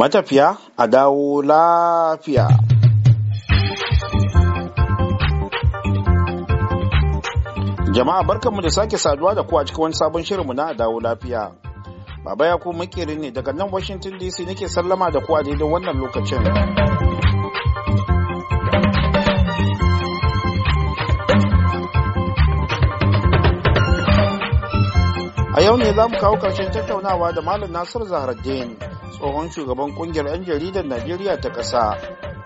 matafiya a dawo lafiya. Jama'a barkanmu da sake saduwa da ku a cikin wani sabon shirinmu na a dawo lafiya. Baba ya ku makirin ne daga nan Washington DC nake sallama da kuwa daidai wannan lokacin. A yau ne za mu kawo ƙarshen tattaunawa da Malam Nasir Zahraddin. tsohon shugaban kungiyar 'yan jaridar najeriya ta ƙasa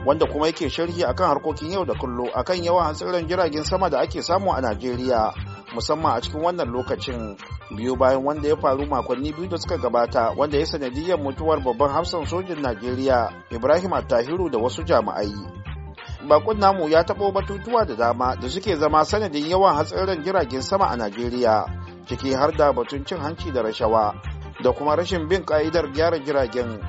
wanda kuma yake sharhi akan harkokin yau da kullu akan yawan hatsarin jiragen sama da ake samu a najeriya musamman a cikin wannan lokacin biyu bayan wanda ya faru makonni biyu da suka gabata wanda ya sanadiyar mutuwar babban hafsan sojin najeriya ibrahim attahiru da wasu jami'ai bakun namu ya taɓo batutuwa da dama da suke zama sanadin yawan hatsarin jiragen sama a najeriya ciki har da batun cin hanci da rashawa da kuma rashin bin ka'idar gyara jiragen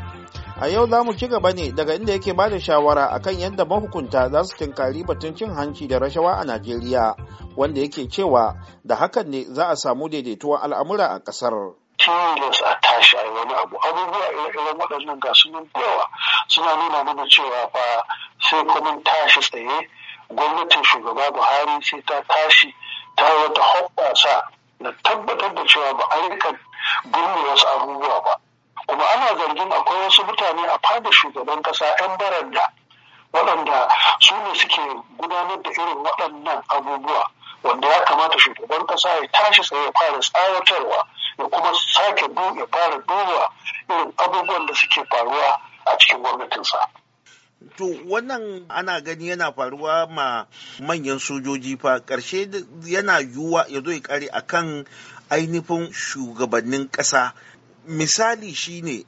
a yau za mu ci gaba ne daga inda yake ba da shawara akan yadda mahukunta za su tinkari batun cin hanci da rashawa a najeriya wanda yake cewa da hakan ne za a samu daidaituwar al'amura a kasar tilas a tashi abu abubuwa waɗannan suna nuna mana cewa fa sai kuma tashi tsaye gwamnatin shugaba buhari sai ta tashi ta wata hoɓɓasa na tabbatar da cewa ba a rika gurbin wasu abubuwa ba kuma ana zargin akwai wasu mutane a fada shugaban kasa 'yan baranda waɗanda su ne suke gudanar da irin waɗannan abubuwa wanda ya kamata shugaban kasa ya tashi tsaye ya fara tsawatarwa ya kuma sake ya fara duba irin abubuwan da suke faruwa a cikin gwamnatinsa. To wannan ana gani yana faruwa ma manyan sojoji fa ƙarshe yana yiwuwa ya zo ya kare kan ainihin shugabannin ƙasa. Misali shine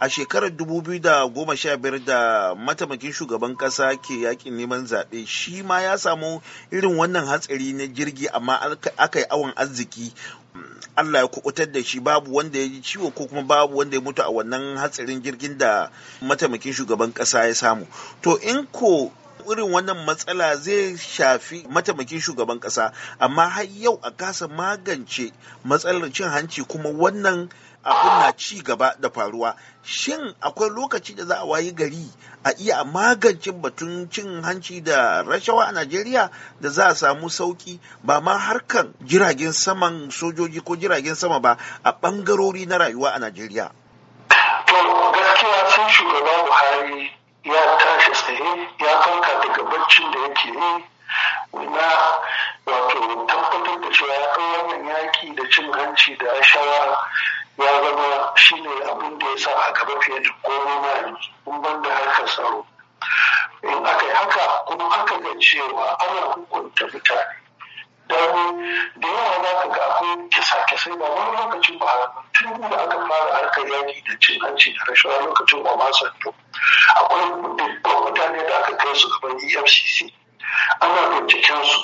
a shekarar 2015 da matamakin shugaban ƙasa ke yakin neman zaɓe shi ma ya samu irin wannan hatsari na jirgi amma aka yi awon arziki Allah ya kubutar da shi babu wanda ya ji ciwo ko kuma babu wanda ya mutu a wannan hatsarin jirgin da mataimakin shugaban ƙasa ya samu to in ko irin wannan matsala zai shafi mataimakin shugaban ƙasa, amma har yau a kasa magance matsalar cin hanci kuma wannan abin na ci gaba da faruwa shin akwai lokaci da za a wayi gari a iya magance batun cin hanci da rashawa a najeriya da za a samu sauki ba ma harkan jiragen saman sojoji ko jiragen sama ba a bangarori na rayuwa a najeriya to gaskiya sun shugaba buhari ya tashi tsaye ya farka daga baccin da yake yi na wato tabbatar da cewa ya kai wannan yaki da cin hanci da ashawa ya zama shine abin da ya sa a gaba fiye da komai na yanzu ban da harkar tsaro in aka yi haka kuma aka ga cewa ana hukunta mutane don da yawa za ka ga akwai kisa-kisai ba wani lokacin ba tun da aka fara harkar yaki da cin hanci da rashawa lokacin ba ma santo akwai dubban mutane da aka kai su gaban efcc ana cikinsu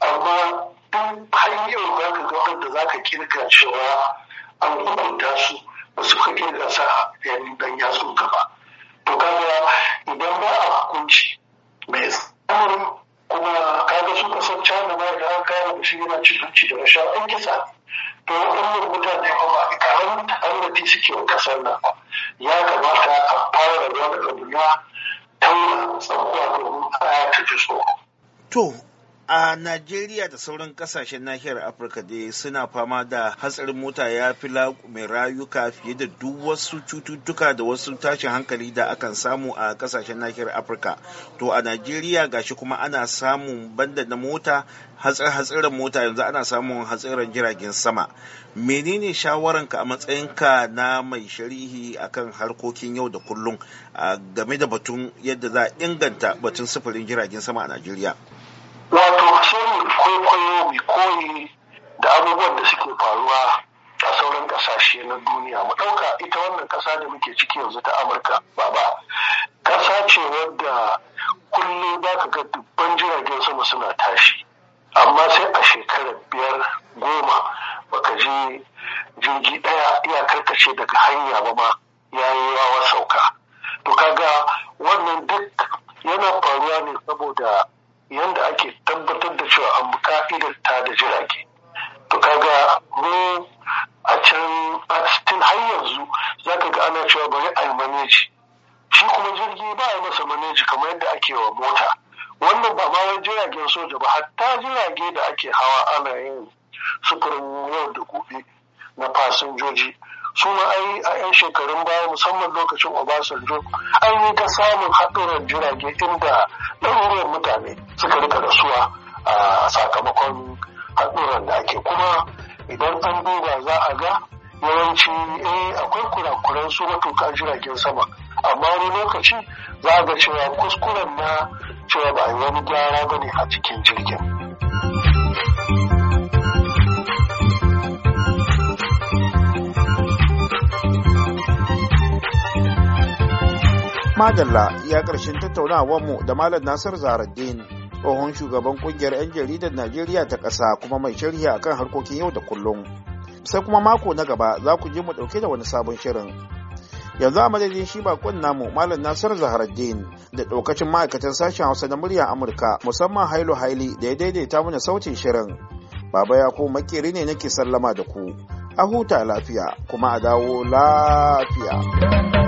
amma duk hanyar za ka ga wanda za ka kirga cewa an hukunta su ba su ka kirga sa yanni dan ya ka ba to kaga idan ba a hukunci mai tsamarin kuma kaga su kasar cana ba da haka yana shi yana cin hanci da rashin an kisa to wadannan mutane ba ba karamin suke wa kasar nan ba ya kamata a fara da wani abu na tauna tsakuwa domin a ta ji tsoro To, a Najeriya da sauran kasashen nahiyar Afirka da suna fama da hatsarin mota ya fi mai rayuka fiye da duk wasu cututtuka da wasu tashin hankali da akan samu a kasashen nahiyar Afirka. To a Najeriya gashi kuma ana samun banda na mota hatsarin mota yanzu ana samun hatsarin jiragen sama. Menene shawaranka a matsayinka na mai sharihi akan harkokin yau da kullum game da batun yadda za a inganta batun sufurin jiragen sama a Najeriya? wato sai kwaikwayo mai koyi da abubuwan da suke faruwa a sauran kasashe na duniya mu ɗauka ita wannan ƙasa da muke ciki yanzu ta amurka ba ba ƙasa ce wadda kullum za ka ga dubban jiragen sama suna tashi amma sai a shekarar biyar goma baka je jirgi ɗaya ya karkace daga hanya ba ma ya yi yawa sauka to kaga wannan duk yana faruwa ne saboda yadda ake tabbatar da cewa an bi ka'idar ta da jirage to kaga mu a can a cikin har yanzu za ka ga ana cewa bari a yi maneji shi kuma jirgi ba a masa maneji kamar yadda ake wa mota wannan ba ma wani jiragen soja ba hatta jirage da ake hawa ana yin sufurin yau da gobe na fasinjoji su ma ai a 'yan shekarun baya musamman lokacin obasanjo an yi ta samun haɗuran jirage inda ɗaruruwan mutane suka rika rasuwa a sakamakon haɗuran da ake kuma idan an duba za a ga yawanci eh akwai kurakuran su matuka jiragen sama amma wani lokaci za a ga cewa kuskuren na cewa ba yi wani gyara ba ne a cikin jirgin. Madalla ya ƙarshen tattaunawarmu da Malam Nasir Zaraddin. tsohon shugaban kungiyar 'yan jaridar najeriya ta ƙasa kuma mai sharhi akan harkokin yau da kullum sai kuma mako na gaba za ku je mu ɗauke da wani sabon shirin yanzu a madadin shi bakon namu malam nasir zaharaddin da ɗaukacin ma'aikatan sashen hausa na muryar amurka musamman hailu haili da ya daidaita mana sautin shirin baba ya ko makeri ne nake sallama da ku a huta lafiya kuma a dawo lafiya